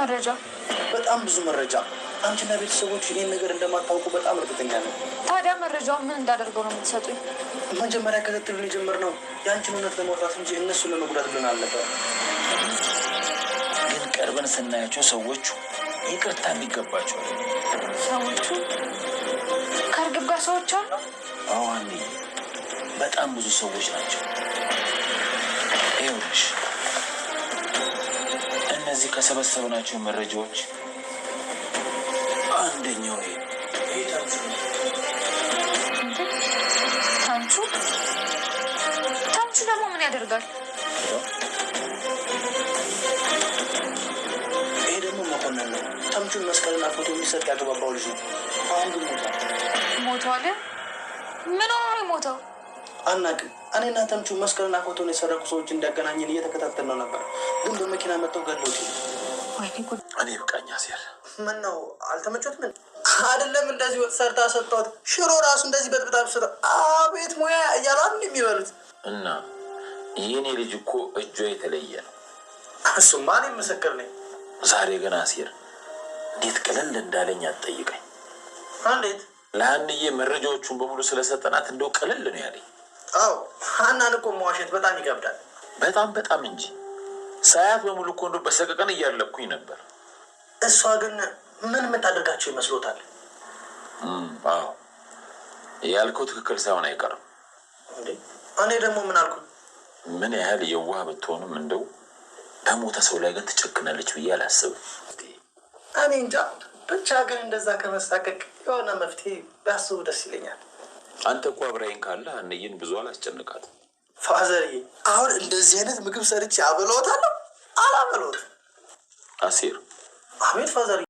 መረጃ በጣም ብዙ መረጃ። አንቺና ቤተሰቦች ይህን ነገር እንደማታውቁ በጣም እርግጠኛ ነው። ታዲያ መረጃውን ምን እንዳደርገው ነው የምትሰጡኝ? መጀመሪያ ክትትሉን ነው የአንቺን እውነት ለመውጣት እንጂ እነሱን ለመጉዳት ብለን አልነበር። ግን ቀርበን ስናያቸው ሰዎቹ ይቅርታ የሚገባቸዋል። ሰዎቹ ከእርግብ ጋር ሰዎች አሉ። አዎ፣ በጣም ብዙ ሰዎች ናቸው። ይኸውልሽ ከዚህ ከሰበሰብናቸው መረጃዎች አንደኛው ይሄ ታንቹ ደግሞ ምን ያደርጋል? ይሄ ደግሞ መኮንን ነው። ታንቹን መስቀልና ፎቶ የሚሰጥ ያገባባው ልጅ ነው። አሁን ግን ሞቷል። ሞቷል? ምን ሆኖ ነው የሞተው? አናቅም። እኔና ተምቹ መስቀልና ፎቶን የሰረቁ ሰዎች እንዳገናኘን እየተከታተል ነው ነበር፣ ግን በመኪና መጥተው ገለውት። እኔ ብቃኛ ሲያል ምን ነው አልተመቾት? ምን አይደለም እንደዚህ ወጥ ሰርታ ሰጥቷት ሽሮ ራሱ እንደዚህ በጥብጣብ ስጠ አቤት ሙያ እያሉ አንድ የሚበሉት እና የኔ ልጅ እኮ እጇ የተለየ ነው። እሱማ ማን ምስክር ነኝ። ዛሬ ግን አሴር እንዴት ቀለል እንዳለኝ አትጠይቀኝ። እንዴት ለአንድዬ መረጃዎቹን በሙሉ ስለሰጠናት እንደው ቀለል ነው ያለኝ። አዎ ሀናን እኮ መዋሸት በጣም ይከብዳል። በጣም በጣም እንጂ ሳያት በሙሉ እኮ እንደው በሰቀቀን እያለኩኝ ነበር። እሷ ግን ምን የምታደርጋቸው ይመስሎታል? አዎ ያልከው ትክክል ሳይሆን አይቀርም። እኔ ደግሞ ምን አልኩ? ምን ያህል የዋህ ብትሆንም እንደው በሞተ ሰው ላይ ግን ትጨክናለች ብዬ አላስብም። እኔ እንጃ ብቻ ግን እንደዛ ከመሳቀቅ የሆነ መፍትሄ ቢያስቡ ደስ ይለኛል። አንተ እኮ አብራይን ካለ አንይን ብዙ አላስጨንቃት። ፋዘርዬ አሁን እንደዚህ አይነት ምግብ ሰርቼ አበላዎታለሁ? አላበላዎትም። አሴር አቤት ፋዘርዬ።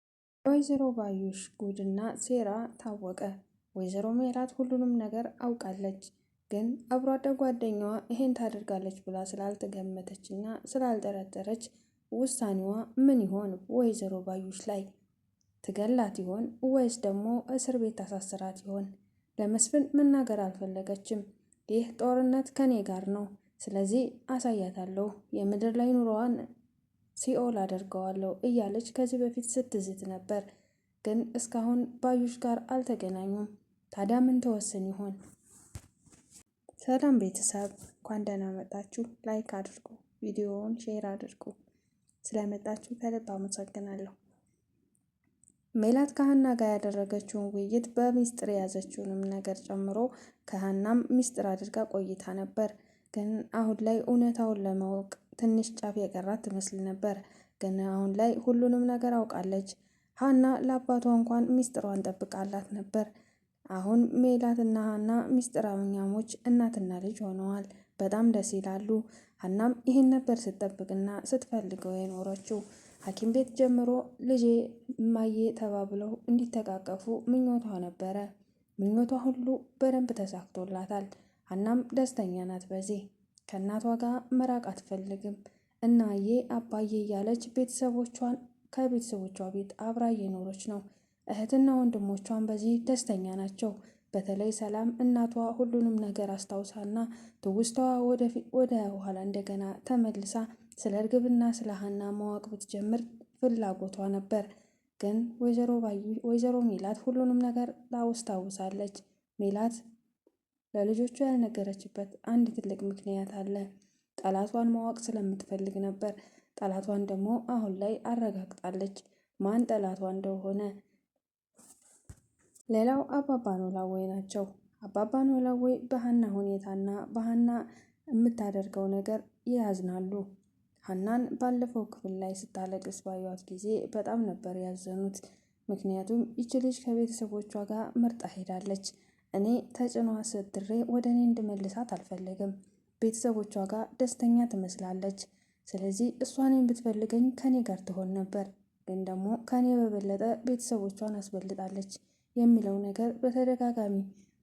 ወይዘሮ ባዩሽ ጉድና ሴራ ታወቀ። ወይዘሮ ሜላት ሁሉንም ነገር አውቃለች፣ ግን አብሮ አደግ ጓደኛዋ ይሄን ታደርጋለች ብላ ስላልተገመተች እና ስላልጠረጠረች ውሳኔዋ ምን ይሆን? ወይዘሮ ባዩሽ ላይ ትገላት ይሆን ወይስ ደግሞ እስር ቤት ታሳስራት ይሆን? ለመስፍን መናገር አልፈለገችም። ይህ ጦርነት ከኔ ጋር ነው፣ ስለዚህ አሳያታለሁ፣ የምድር ላይ ኑሮዋን ሲኦል አደርገዋለሁ እያለች ከዚህ በፊት ስትዝት ነበር። ግን እስካሁን ባዩሽ ጋር አልተገናኙም። ታዲያ ምን ተወስን ይሆን? ሰላም ቤተሰብ እንኳን ደህና መጣችሁ። ላይክ አድርጉ፣ ቪዲዮውን ሼር አድርጉ። ስለመጣችሁ ከልብ አመሰግናለሁ። ሜላት ከሀና ጋር ያደረገችውን ውይይት በሚስጥር የያዘችውንም ነገር ጨምሮ ከሀናም ሚስጥር አድርጋ ቆይታ ነበር። ግን አሁን ላይ እውነታውን ለማወቅ ትንሽ ጫፍ የቀራት ትመስል ነበር። ግን አሁን ላይ ሁሉንም ነገር አውቃለች። ሀና ለአባቷ እንኳን ሚስጥሯን ጠብቃላት ነበር። አሁን ሜላትና ሀና ሚስጥራውኛሞች እናትና ልጅ ሆነዋል። በጣም ደስ ይላሉ። ሀናም ይህን ነበር ስትጠብቅና ስትፈልገው የኖረችው። ሐኪም ቤት ጀምሮ ልጄ እማዬ ተባብለው እንዲተቃቀፉ ምኞቷ ነበረ። ምኞቷ ሁሉ በደንብ ተሳክቶላታል። ሀናም ደስተኛ ናት። በዚህ ከእናቷ ጋር መራቅ አትፈልግም። እናዬ አባዬ እያለች ቤተሰቦቿን ከቤተሰቦቿ ቤት አብራ እየኖረች ነው። እህትና ወንድሞቿን በዚህ ደስተኛ ናቸው። በተለይ ሰላም እናቷ ሁሉንም ነገር አስታውሳና ትውስታዋ ወደ ኋላ እንደገና ተመልሳ ስለ እርግብና ስለ ሀና ማወቅ ብትጀምር ፍላጎቷ ነበር። ግን ወይዘሮ ሜላት ሁሉንም ነገር ላውስታውሳለች። ሜላት ለልጆቿ ያልነገረችበት አንድ ትልቅ ምክንያት አለ። ጠላቷን ማወቅ ስለምትፈልግ ነበር። ጠላቷን ደግሞ አሁን ላይ አረጋግጣለች፣ ማን ጠላቷ እንደሆነ። ሌላው አባባ ኖላዊ ናቸው። አባባ ኖላዊ በሀና ሁኔታና በሀና የምታደርገው ነገር ይያዝናሉ። ሀናን ባለፈው ክፍል ላይ ስታለቅስ ባዩት ጊዜ በጣም ነበር ያዘኑት። ምክንያቱም ይች ልጅ ከቤተሰቦቿ ጋር መርጣ ሄዳለች። እኔ ተጭኗ ስድሬ ወደ እኔ እንድመልሳት አልፈለግም። ቤተሰቦቿ ጋር ደስተኛ ትመስላለች። ስለዚህ እሷን ብትፈልገኝ ከኔ ጋር ትሆን ነበር፣ ግን ደግሞ ከኔ በበለጠ ቤተሰቦቿን አስበልጣለች የሚለው ነገር በተደጋጋሚ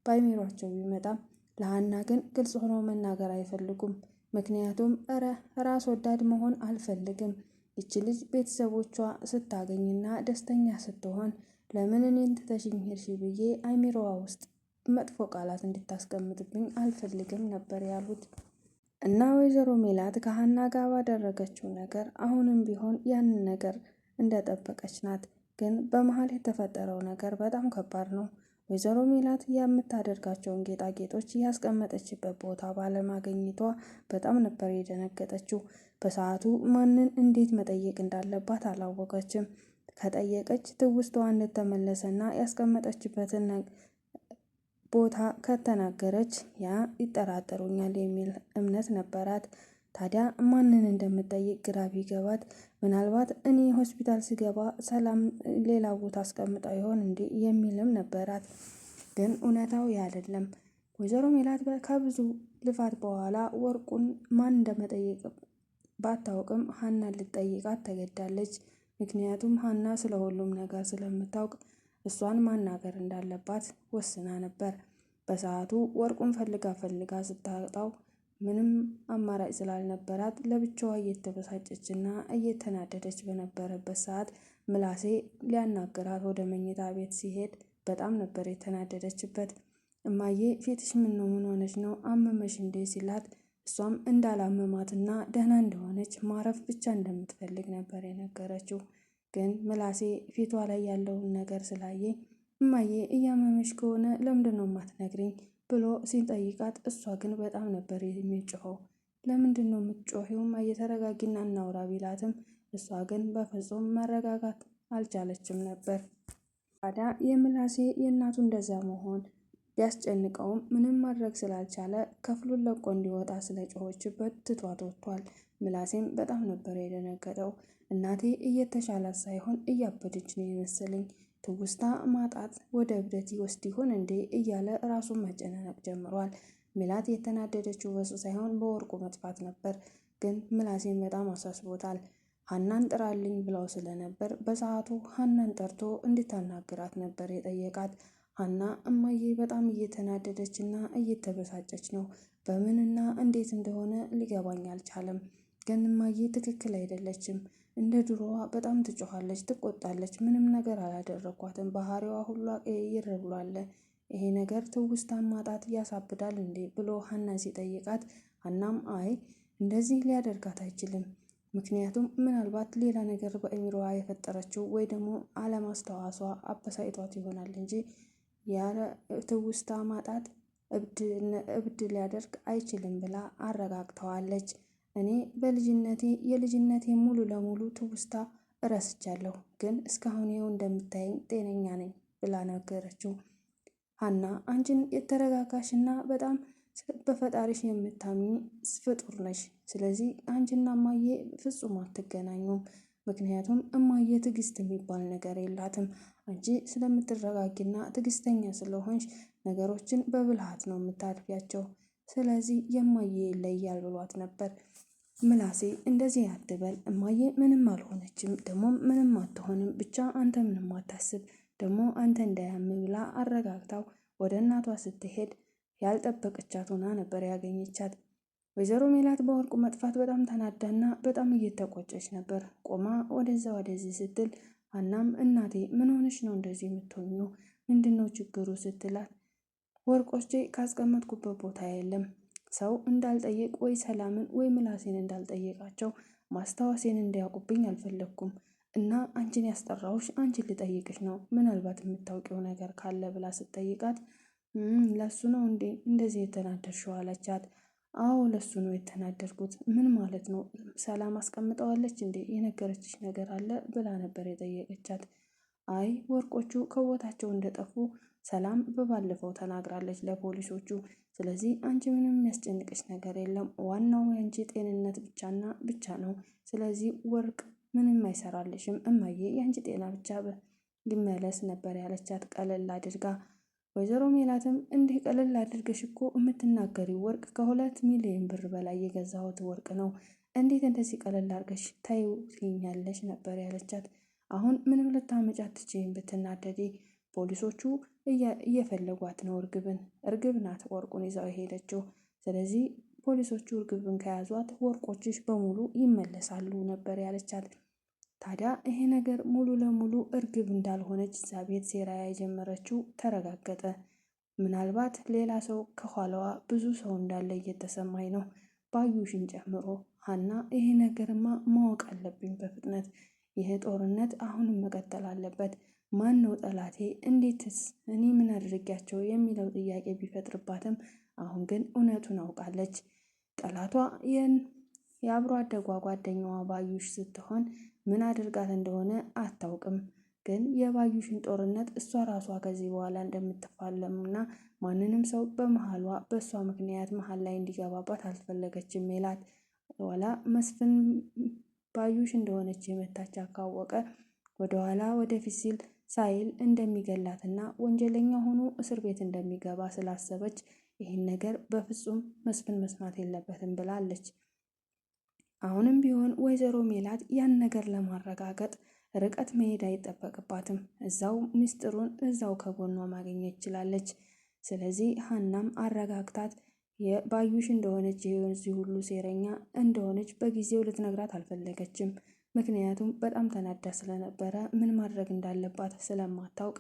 ባይሚሯቸው ቢመጣም ለሀና ግን ግልጽ ሆኖ መናገር አይፈልጉም። ምክንያቱም እረ ራስ ወዳድ መሆን አልፈልግም። ይች ልጅ ቤተሰቦቿ ስታገኝና ደስተኛ ስትሆን ለምን እኔን ትተሽኝ ሄድሽ ብዬ አይሚሮዋ ውስጥ መጥፎ ቃላት እንድታስቀምጥብኝ አልፈልግም ነበር ያሉት እና ወይዘሮ ሜላት ከሀና ጋር ባደረገችው ነገር አሁንም ቢሆን ያንን ነገር እንደጠበቀች ናት። ግን በመሀል የተፈጠረው ነገር በጣም ከባድ ነው። ወይዘሮ ሜላት የምታደርጋቸውን ጌጣጌጦች ያስቀመጠችበት ቦታ ባለማገኘቷ በጣም ነበር የደነገጠችው። በሰዓቱ ማንን እንዴት መጠየቅ እንዳለባት አላወቀችም። ከጠየቀች ትውስቷ እንደተመለሰና ያስቀመጠችበትን ቦታ ከተናገረች ያ ይጠራጠሩኛል የሚል እምነት ነበራት። ታዲያ ማንን እንደምጠይቅ ግራ ቢገባት ምናልባት እኔ ሆስፒታል ስገባ ሰላም ሌላ ቦታ አስቀምጣ ይሆን እንዴ የሚልም ነበራት። ግን እውነታው ያደለም። ወይዘሮ ሜላት ከብዙ ልፋት በኋላ ወርቁን ማን እንደመጠየቅ ባታውቅም ሀናን ልጠይቃት ተገዳለች። ምክንያቱም ሀና ስለ ሁሉም ነገር ስለምታውቅ እሷን ማናገር እንዳለባት ወስና ነበር። በሰዓቱ ወርቁን ፈልጋ ፈልጋ ስታጣው ምንም አማራጭ ስላልነበራት ለብቻዋ እና እየተናደደች በነበረበት ሰዓት ምላሴ ሊያናግራት ወደ መኝታ ቤት ሲሄድ በጣም ነበር የተናደደችበት። እማዬ ፊትሽ ምን ነው? ምን ሆነች ነው? አመመሽ እንዴ? ሲላት እሷም እና ደህና እንደሆነች ማረፍ ብቻ እንደምትፈልግ ነበር የነገረችው። ግን ምላሴ ፊቷ ላይ ያለውን ነገር ስላየ እማዬ እያመመሽ ከሆነ ለምንድን ነው የማትነግሪኝ? ብሎ ሲጠይቃት እሷ ግን በጣም ነበር የሚጮኸው። ለምንድን ነው የምትጮኸውም? እየተረጋጊና እናውራ ቢላትም እሷ ግን በፍጹም መረጋጋት አልቻለችም ነበር። ታዲያ የምላሴ የእናቱ እንደዛ መሆን ቢያስጨንቀውም ምንም ማድረግ ስላልቻለ ክፍሉን ለቆ እንዲወጣ ስለጮኸችበት ትቷት ወጥቷል። ምላሴም በጣም ነበር የደነገጠው። እናቴ እየተሻላት ሳይሆን እያበደች ነው የመሰለኝ ትውስታ ማጣት ወደ እብደት ይወስድ ይሆን እንዴ እያለ ራሱን መጨናነቅ ጀምሯል። ሚላት የተናደደችው በሱ ሳይሆን በወርቁ መጥፋት ነበር። ግን ምላሴን በጣም አሳስቦታል። ሀናን ጥራልኝ ብለው ስለነበር በሰዓቱ ሀናን ጠርቶ እንድታናግራት ነበር የጠየቃት። ሀና እማዬ በጣም እየተናደደች እና እየተበሳጨች ነው። በምንና እንዴት እንደሆነ ሊገባኝ አልቻለም። ገንማዬ ትክክል አይደለችም። እንደ ድሮዋ በጣም ትጮኋለች፣ ትቆጣለች። ምንም ነገር አላደረኳትም። ባህሪዋ ሁሉ ቀይር ብሏል። ይሄ ነገር ትውስታን ማጣት ያሳብዳል እንዴ ብሎ ሀና ሲጠይቃት፣ ሀናም አይ እንደዚህ ሊያደርጋት አይችልም። ምክንያቱም ምናልባት ሌላ ነገር በአእምሮዋ የፈጠረችው ወይ ደግሞ አለማስተዋሷ አበሳጭቷት ይሆናል እንጂ ያለ ትውስታ ማጣት እብድ ሊያደርግ አይችልም ብላ አረጋግተዋለች። እኔ በልጅነቴ የልጅነቴ ሙሉ ለሙሉ ትውስታ እረስቻለሁ፣ ግን እስካሁን ይኸው እንደምታየኝ ጤነኛ ነኝ ብላ ነገረችው። ሀና አንቺን እና በጣም በፈጣሪሽ የምታምኝ ፍጡር ነሽ። ስለዚህ አንቺና እማዬ ፍጹም አትገናኙም። ምክንያቱም እማዬ ትዕግስት የሚባል ነገር የላትም። አንቺ ስለምትረጋጊና ትዕግስተኛ ስለሆንሽ ነገሮችን በብልሃት ነው የምታልፊያቸው። ስለዚህ የማዬ ይለያል ብሏት ነበር። ምላሴ እንደዚህ አትበል እማዬ ምንም አልሆነችም፣ ደግሞ ምንም አትሆንም፣ ብቻ አንተ ምንም አታስብ፣ ደግሞ አንተ እንዳያም ብላ አረጋግታው ወደ እናቷ ስትሄድ ያልጠበቀቻት ሆና ነበር ያገኘቻት። ወይዘሮ ሜላት በወርቁ መጥፋት በጣም ተናዳና በጣም እየተቆጨች ነበር። ቆማ ወደዛ ወደዚህ ስትል አናም እናቴ ምን ሆነሽ ነው እንደዚህ የምትሆኚው? ምንድነው ችግሩ ስትላት ወርቆቼ ካስቀመጥኩበት ቦታ የለም ሰው እንዳልጠይቅ ወይ ሰላምን ወይ ምላሴን እንዳልጠየቃቸው ማስታወሴን እንዲያውቁብኝ አልፈለግኩም እና አንቺን ያስጠራሁሽ አንቺን ልጠይቅሽ ነው፣ ምናልባት የምታውቂው ነገር ካለ ብላ ስትጠይቃት ለሱ ነው እንዴ እንደዚህ የተናደድሽው አለቻት። አዎ ለሱ ነው የተናደርኩት ምን ማለት ነው? ሰላም አስቀምጠዋለች እንዴ የነገረችሽ ነገር አለ ብላ ነበር የጠየቀቻት። አይ ወርቆቹ ከቦታቸው እንደጠፉ ሰላም በባለፈው ተናግራለች ለፖሊሶቹ። ስለዚህ አንቺ ምንም የሚያስጨንቅሽ ነገር የለም፣ ዋናው የአንቺ ጤንነት ብቻና ብቻ ነው። ስለዚህ ወርቅ ምንም አይሰራልሽም እማዬ፣ የአንቺ ጤና ብቻ ሊመለስ ነበር ያለቻት ቀለል አድርጋ። ወይዘሮ ሜላትም እንዲህ ቀለል አድርገሽ እኮ የምትናገሪ ወርቅ ከሁለት ሚሊዮን ብር በላይ የገዛሁት ወርቅ ነው። እንዴት እንደዚህ ቀለል አድርገሽ ታይው ነበር ያለቻት። አሁን ምንም ልታመጫት ትችይም ብትናደዴ ፖሊሶቹ እየፈለጓት ነው እርግብን። እርግብ ናት ወርቁን ይዛው የሄደችው። ስለዚህ ፖሊሶቹ እርግብን ከያዟት ወርቆችሽ በሙሉ ይመለሳሉ ነበር ያለቻት። ታዲያ ይሄ ነገር ሙሉ ለሙሉ እርግብ እንዳልሆነች እዛ ቤት ሴራ የጀመረችው ተረጋገጠ። ምናልባት ሌላ ሰው ከኋላዋ ብዙ ሰው እንዳለ እየተሰማኝ ነው፣ ባዩሽን ጨምሮ ሀና። ይሄ ነገርማ ማወቅ አለብኝ በፍጥነት። ይሄ ጦርነት አሁንም መቀጠል አለበት። ማን ነው ጠላቴ? እንዴትስ? እኔ ምን አድርጊያቸው? የሚለው ጥያቄ ቢፈጥርባትም አሁን ግን እውነቱን አውቃለች። ጠላቷ ይህን የአብሮ አደጓ ጓደኛዋ ባዩሽ ስትሆን ምን አድርጋት እንደሆነ አታውቅም። ግን የባዩሽን ጦርነት እሷ ራሷ ከዚህ በኋላ እንደምትፋለሙና ማንንም ሰው በመሀሏ በእሷ ምክንያት መሀል ላይ እንዲገባባት አልፈለገችም። ሜላት ኋላ መስፍን ባዩሽ እንደሆነች የመታች ካወቀ ወደኋላ ወደፊት ሲል ሳይል እንደሚገላትና ወንጀለኛ ሆኖ እስር ቤት እንደሚገባ ስላሰበች ይህን ነገር በፍጹም መስፍን መስማት የለበትም ብላለች። አሁንም ቢሆን ወይዘሮ ሜላት ያን ነገር ለማረጋገጥ ርቀት መሄድ አይጠበቅባትም። እዛው ምስጢሩን እዛው ከጎኗ ማግኘት ይችላለች። ስለዚህ ሀናም አረጋግታት የባዩሽ እንደሆነች የዚህ ሁሉ ሴረኛ እንደሆነች በጊዜው ልትነግራት አልፈለገችም። ምክንያቱም በጣም ተናዳ ስለነበረ ምን ማድረግ እንዳለባት ስለማታውቅ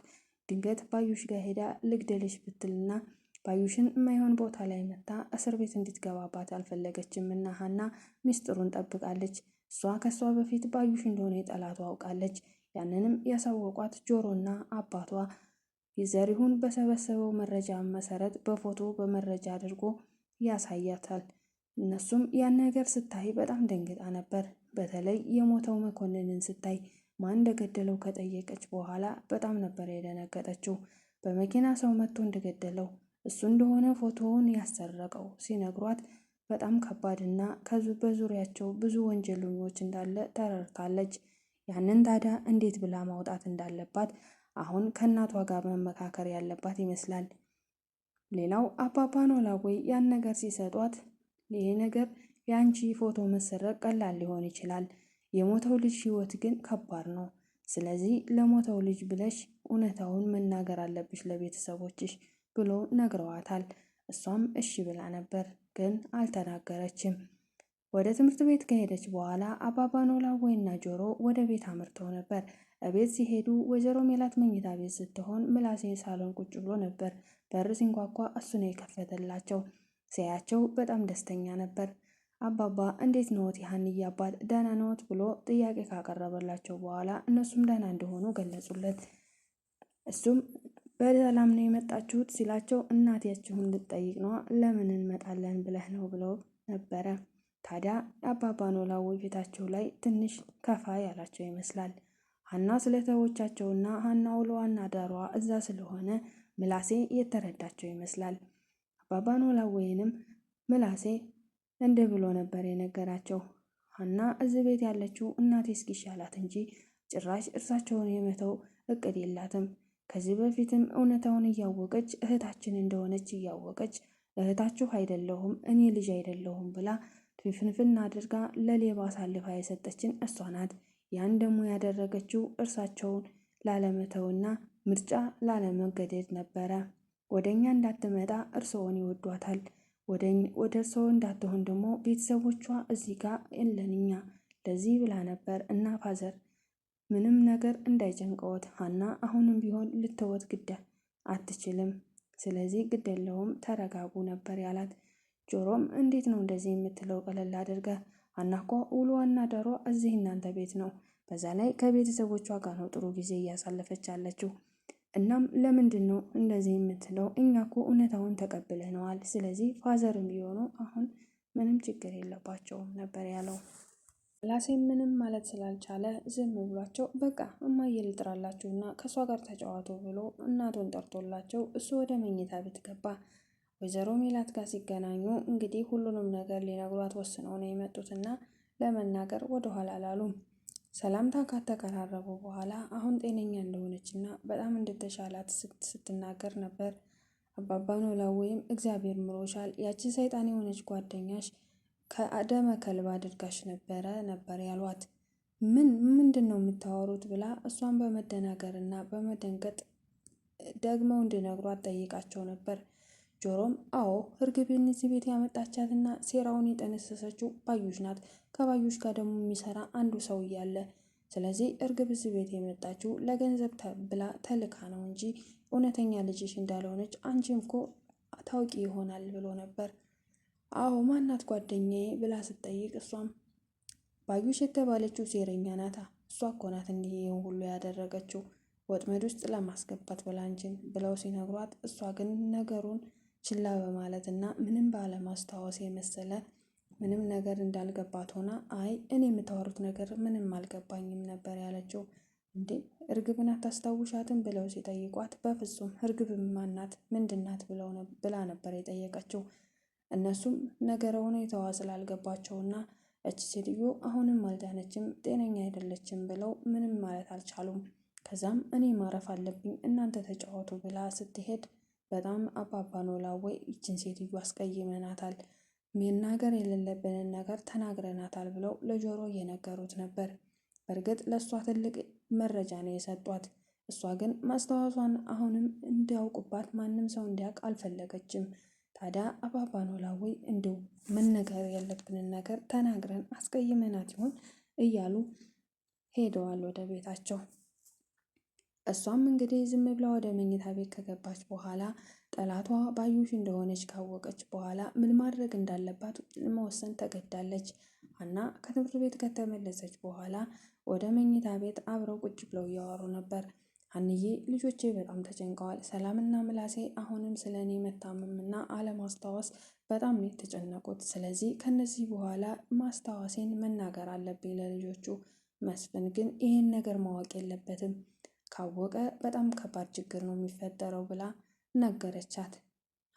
ድንገት ባዩሽ ጋር ሄዳ ልግደልሽ ብትልና ባዩሽን የማይሆን ቦታ ላይ መታ እስር ቤት እንድትገባባት አልፈለገችም እና ሀና ሚስጥሩን ጠብቃለች። እሷ ከእሷ በፊት ባዩሽ እንደሆነ የጠላቱ አውቃለች። ያንንም ያሳወቋት ጆሮና አባቷ የዘሪሁን በሰበሰበው መረጃ መሰረት በፎቶ በመረጃ አድርጎ ያሳያታል። እነሱም ያን ነገር ስታይ በጣም ደንግጣ ነበር። በተለይ የሞተው መኮንንን ስታይ ማን እንደገደለው ከጠየቀች በኋላ በጣም ነበር የደነገጠችው። በመኪና ሰው መጥቶ እንደገደለው እሱ እንደሆነ ፎቶውን ያሰረቀው ሲነግሯት በጣም ከባድ እና በዙሪያቸው ብዙ ወንጀለኞች እንዳለ ተረድታለች። ያንን ታዲያ እንዴት ብላ ማውጣት እንዳለባት አሁን ከእናቷ ጋር መመካከር ያለባት ይመስላል። ሌላው አባባ ኖላዊ ያን ነገር ሲሰጧት ይሄ ነገር የአንቺ ፎቶ መሰረቅ ቀላል ሊሆን ይችላል፣ የሞተው ልጅ ህይወት ግን ከባድ ነው። ስለዚህ ለሞተው ልጅ ብለሽ እውነታውን መናገር አለብሽ ለቤተሰቦችሽ ብሎ ነግረዋታል። እሷም እሺ ብላ ነበር፣ ግን አልተናገረችም። ወደ ትምህርት ቤት ከሄደች በኋላ አባባ ኖላዊና ጆሮ ወደ ቤት አምርተው ነበር። እቤት ሲሄዱ ወይዘሮ ሜላት መኝታ ቤት ስትሆን ምላሴ ሳሎን ቁጭ ብሎ ነበር። በር ሲንኳኳ እሱ ነው የከፈተላቸው። ሲያያቸው በጣም ደስተኛ ነበር። አባባ እንዴት ነዎት የሀንዬ አባት ደህና ነዎት ብሎ ጥያቄ ካቀረበላቸው በኋላ እነሱም ደህና እንደሆኑ ገለጹለት። እሱም በሰላም ነው የመጣችሁት ሲላቸው እናታችሁን ልጠይቅ ነዋ ለምን እንመጣለን ብለህ ነው ብለው ነበረ። ታዲያ አባባ ኖላዊ ፊታቸው ላይ ትንሽ ከፋ ያላቸው ይመስላል። ሀና ስለተወቻቸውና ሀና ለዋና ዳሯ እዛ ስለሆነ ምላሴ የተረዳቸው ይመስላል። አባባ ኖላዊንም ምላሴ እንዲህ ብሎ ነበር የነገራቸው። ሀና እዚህ ቤት ያለችው እናቴ እስኪሻላት እንጂ ጭራሽ እርሳቸውን የመተው እቅድ የላትም። ከዚህ በፊትም እውነታውን እያወቀች እህታችን እንደሆነች እያወቀች እህታችሁ አይደለሁም እኔ ልጅ አይደለሁም ብላ ፍንፍን አድርጋ ለሌባ አሳልፋ የሰጠችን እሷ ናት። ያን ደግሞ ያደረገችው እርሳቸውን ላለመተውና ምርጫ ላለመገደድ ነበረ። ወደኛ እንዳትመጣ እርስዎን ይወዷታል ወደ ሰው እንዳትሆን ደግሞ ቤተሰቦቿ እዚህ ጋር የለንኛ ለዚህ ብላ ነበር እና ፋዘር ምንም ነገር እንዳይጨንቀወት ሀና አሁንም ቢሆን ልተወት ግደ አትችልም። ስለዚህ ግደለውም ተረጋጉ ነበር ያላት። ጆሮም እንዴት ነው እንደዚህ የምትለው ቀለል አድርገ ሀና እኮ ውሎ ዳሯ እዚህ እናንተ ቤት ነው። በዛ ላይ ከቤተሰቦቿ ጋር ነው ጥሩ ጊዜ እያሳለፈች ያለችው። እናም ለምንድን ነው እንደዚህ የምትለው? እኛ እኮ እውነታውን ተቀብለነዋል። ስለዚህ ፋዘርም ቢሆኑ አሁን ምንም ችግር የለባቸውም ነበር ያለው። ላሴም ምንም ማለት ስላልቻለ ዝም ብሏቸው በቃ እማዬ ልጥራላችሁ እና ከእሷ ጋር ተጫዋቱ ብሎ እናቱን ጠርቶላቸው እሱ ወደ መኝታ ቤት ገባ። ወይዘሮ ሜላት ጋር ሲገናኙ እንግዲህ ሁሉንም ነገር ሊነግሯት ወስነው ነው የመጡትና ለመናገር ወደኋላ አላሉም። ሰላምታ ከተቀራረቡ በኋላ አሁን ጤነኛ እንደሆነችና በጣም እንደተሻላት ስትናገር ነበር። አባባ ወይም እግዚአብሔር ምሮሻል፣ ያቺ ሰይጣን የሆነች ጓደኛሽ ከአደመ ከልብ አድርጋሽ ነበረ ነበር ያሏት። ምን ምንድን ነው የምታወሩት ብላ እሷን በመደናገር እና በመደንገጥ ደግመው እንዲነግሯት ጠይቃቸው ነበር። ጆሮም አዎ እርግብን እዚህ ቤት ያመጣቻትና ሴራውን የጠነሰሰችው ባዩሽ ናት። ከባዩሽ ጋር ደግሞ የሚሰራ አንዱ ሰው እያለ ስለዚህ እርግብ እዚህ ቤት የመጣችው ለገንዘብ ብላ ተልካ ነው እንጂ እውነተኛ ልጅሽ እንዳልሆነች አንቺም እኮ ታውቂ ይሆናል ብሎ ነበር። አዎ ማናት ጓደኛዬ ብላ ስትጠይቅ እሷም ባዩሽ የተባለችው ሴረኛ ናታ። እሷ እኮ ናት እንዲህ ይህን ሁሉ ያደረገችው ወጥመድ ውስጥ ለማስገባት ብላ እንጂ ብለው ሲነግሯት እሷ ግን ነገሩን ችላ በማለት እና ምንም ባለማስታወስ የመሰለ ምንም ነገር እንዳልገባት ሆና አይ እኔ የምታወሩት ነገር ምንም አልገባኝም ነበር ያለችው። እንዴ እርግብን አታስታውሻትም ብለው ሲጠይቋት በፍጹም እርግብ ማናት ምንድናት ብላ ነበር የጠየቀችው። እነሱም ነገረ ሁኔታዋ ስላልገባቸውና እች ሴትዮ አሁንም አልዳነችም፣ ጤነኛ አይደለችም ብለው ምንም ማለት አልቻሉም። ከዛም እኔ ማረፍ አለብኝ እናንተ ተጫወቱ ብላ ስትሄድ በጣም አባባ ኖላዊ ይችን ሴትዮ አስቀይመናታል፣ መናገር የሌለብንን ነገር ተናግረናታል ብለው ለጆሮ እየነገሩት ነበር። በእርግጥ ለእሷ ትልቅ መረጃ ነው የሰጧት። እሷ ግን ማስታወሷን አሁንም እንዲያውቁባት ማንም ሰው እንዲያውቅ አልፈለገችም። ታዲያ አባባ ኖላዊ እንዲሁ መነገር ያለብንን ነገር ተናግረን አስቀይመናት ይሆን እያሉ ሄደዋል ወደ ቤታቸው። እሷም እንግዲህ ዝም ብላ ወደ መኝታ ቤት ከገባች በኋላ ጠላቷ ባዩሽ እንደሆነች ካወቀች በኋላ ምን ማድረግ እንዳለባት መወሰን ተገዳለች። አና ከትምህርት ቤት ከተመለሰች በኋላ ወደ መኝታ ቤት አብረው ቁጭ ብለው እያወሩ ነበር። አንዬ ልጆቼ በጣም ተጨንቀዋል። ሰላምና ምላሴ አሁንም ስለ እኔ መታመምና አለማስታወስ በጣም ነው የተጨነቁት። ስለዚህ ከነዚህ በኋላ ማስታወሴን መናገር አለብኝ ለልጆቹ። መስፍን ግን ይህን ነገር ማወቅ የለበትም። ካወቀ በጣም ከባድ ችግር ነው የሚፈጠረው ብላ ነገረቻት።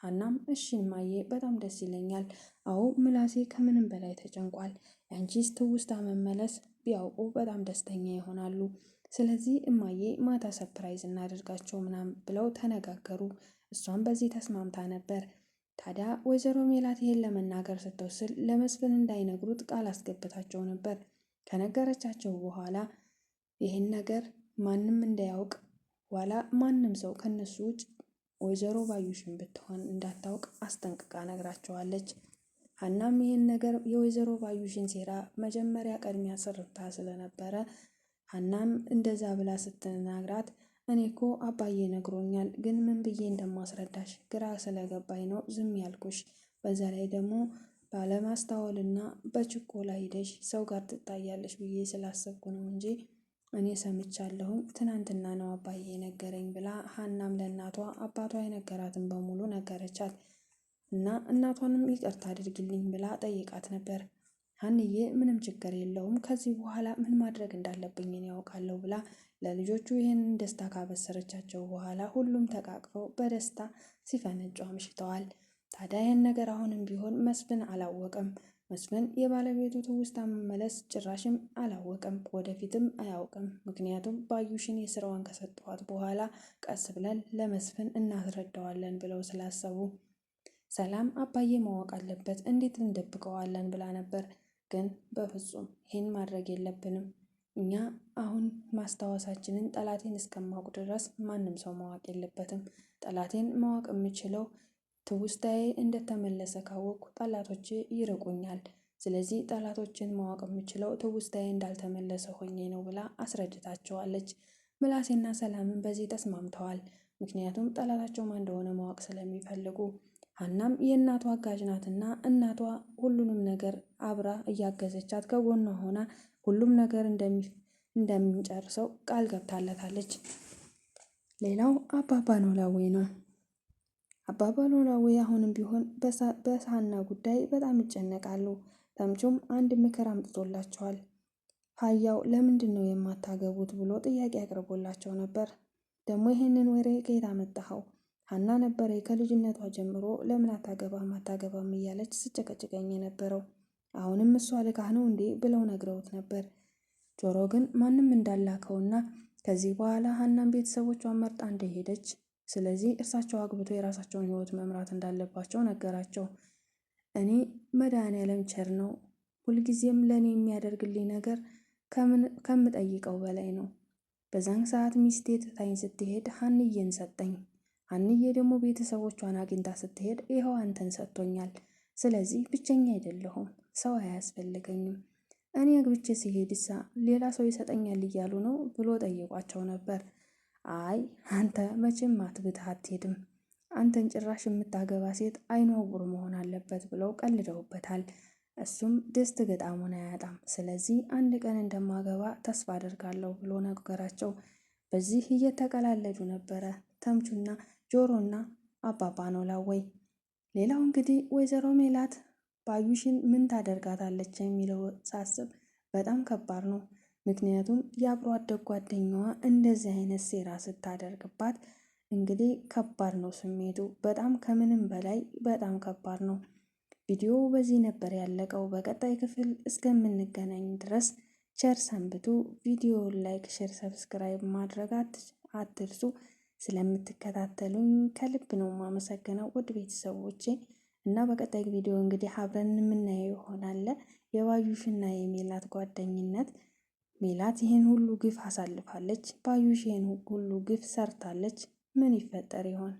ሀናም እሺ እማዬ በጣም ደስ ይለኛል። አዎ ምላሴ ከምንም በላይ ተጨንቋል። ያንቺስ ትውስታ መመለስ ቢያውቁ በጣም ደስተኛ ይሆናሉ። ስለዚህ እማዬ ማታ ሰፕራይዝ እናደርጋቸው ምናም ብለው ተነጋገሩ። እሷም በዚህ ተስማምታ ነበር። ታዲያ ወይዘሮ ሜላት ይሄን ለመናገር ስትወስል ለመስፍን እንዳይነግሩት ቃል አስገብታቸው ነበር። ከነገረቻቸው በኋላ ይህን ነገር ማንም እንዳያውቅ ዋላ ማንም ሰው ከነሱ ውጭ ወይዘሮ ባዩሽን ብትሆን እንዳታውቅ አስጠንቅቃ ነግራቸዋለች። ሀናም ይህን ነገር የወይዘሮ ባዩሽን ሴራ መጀመሪያ ቀድሚያ ስርታ ስለነበረ ሀናም እንደዛ ብላ ስትናግራት እኔ እኮ አባዬ ነግሮኛል፣ ግን ምን ብዬ እንደማስረዳሽ ግራ ስለገባኝ ነው ዝም ያልኩሽ። በዛ ላይ ደግሞ ባለማስታወልና በችኮላ ሂደሽ ሰው ጋር ትታያለሽ ብዬ ስላሰብኩ ነው እንጂ እኔ ሰምቻለሁኝ ትናንትና ነው አባዬ የነገረኝ ብላ ሀናም ለእናቷ አባቷ የነገራትን በሙሉ ነገረቻት እና እናቷንም ይቅርታ አድርጊልኝ ብላ ጠይቃት ነበር። ሀንዬ ምንም ችግር የለውም ከዚህ በኋላ ምን ማድረግ እንዳለብኝ እኔ ያውቃለሁ ብላ ለልጆቹ ይህንን ደስታ ካበሰረቻቸው በኋላ ሁሉም ተቃቅፈው በደስታ ሲፈነጩ አምሽተዋል። ታዲያ ይህን ነገር አሁንም ቢሆን መስፍን አላወቅም። መስፍን የባለቤቱ ትውስታ መመለስ ጭራሽም አላወቀም፣ ወደፊትም አያውቅም። ምክንያቱም ባዩሽን የስራዋን ከሰጠኋት በኋላ ቀስ ብለን ለመስፍን እናስረዳዋለን ብለው ስላሰቡ ሰላም አባዬ ማወቅ አለበት፣ እንዴት እንደብቀዋለን ብላ ነበር። ግን በፍጹም ይህን ማድረግ የለብንም እኛ አሁን ማስታወሳችንን ጠላቴን እስከማውቅ ድረስ ማንም ሰው ማወቅ የለበትም። ጠላቴን ማወቅ የምችለው ትውስታዬ እንደተመለሰ ካወቅኩ ጠላቶች ይርቁኛል። ስለዚህ ጠላቶችን ማወቅ የምችለው ትውስታዬ እንዳልተመለሰ ሆኜ ነው ብላ አስረድታቸዋለች። ምላሴና ሰላምን በዚህ ተስማምተዋል። ምክንያቱም ጠላታቸው ማን እንደሆነ ማወቅ ስለሚፈልጉ። ሀናም የእናቷ አጋዥ ናትና እናቷ ሁሉንም ነገር አብራ እያገዘቻት ከጎኗ ሆና ሁሉም ነገር እንደሚጨርሰው ቃል ገብታለታለች። ሌላው አባባ ኖላዊ ነው። አባባ ኖላዊ አሁንም ቢሆን በሳና ጉዳይ በጣም ይጨነቃሉ። ተምቹም አንድ ምክር አምጥቶላቸዋል። ሀያው ለምንድን ነው የማታገቡት ብሎ ጥያቄ አቅርቦላቸው ነበር። ደግሞ ይህንን ወሬ ከየት አመጣኸው? ሀና ነበረ ከልጅነቷ ጀምሮ ለምን አታገባም አታገባም እያለች ስጨቀጭቀኝ የነበረው አሁንም እሷ ልካህ ነው እንዴ ብለው ነግረውት ነበር። ጆሮ ግን ማንም እንዳላከውና ከዚህ በኋላ ሀናን ቤተሰቦቿን መርጣ እንደሄደች ስለዚህ እርሳቸው አግብቶ የራሳቸውን ህይወት መምራት እንዳለባቸው ነገራቸው። እኔ ያለም ቸር ነው፣ ሁልጊዜም ለእኔ የሚያደርግልኝ ነገር ከምጠይቀው በላይ ነው። በዛን ሰዓት ሚስቴ ትታኝ ስትሄድ ሀንዬን ሰጠኝ። ሀንዬ ደግሞ ቤተሰቦቿን አግኝታ ስትሄድ ይኸው አንተን ሰጥቶኛል። ስለዚህ ብቸኛ አይደለሁም፣ ሰው አያስፈልገኝም። እኔ አግብቼ ሲሄድሳ ሌላ ሰው ይሰጠኛል እያሉ ነው ብሎ ጠይቋቸው ነበር። አይ አንተ መቼም አትግታ አትሄድም፣ አንተን ጭራሽ የምታገባ ሴት አይኗ ዕውር መሆን አለበት ብለው ቀልደውበታል። እሱም ድስት ገጣሙን አያጣም፣ ስለዚህ አንድ ቀን እንደማገባ ተስፋ አደርጋለሁ ብሎ ነገራቸው። በዚህ እየተቀላለዱ ነበረ ተምቹና ጆሮና አባባ ኖላዊ። ሌላው እንግዲህ ወይዘሮ ሜላት ባዩሽን ምን ታደርጋታለች የሚለው ሳስብ በጣም ከባድ ነው። ምክንያቱም የአብሮ አደግ ጓደኛዋ እንደዚህ አይነት ሴራ ስታደርግባት እንግዲህ ከባድ ነው ስሜቱ። በጣም ከምንም በላይ በጣም ከባድ ነው። ቪዲዮ በዚህ ነበር ያለቀው። በቀጣይ ክፍል እስከምንገናኝ ድረስ ቸር ሰንብቱ። ቪዲዮ ላይክ፣ ሼር፣ ሰብስክራይብ ማድረግ አትርሱ። ስለምትከታተሉኝ ከልብ ነው የማመሰግነው ውድ ቤተሰቦቼ እና በቀጣይ ቪዲዮ እንግዲህ አብረን የምናየው ይሆናል የባዩሽና የሜላት ጓደኝነት ሜላት ይህን ሁሉ ግፍ አሳልፋለች። ባዩሽ ይህን ሁሉ ግፍ ሰርታለች። ምን ይፈጠር ይሆን?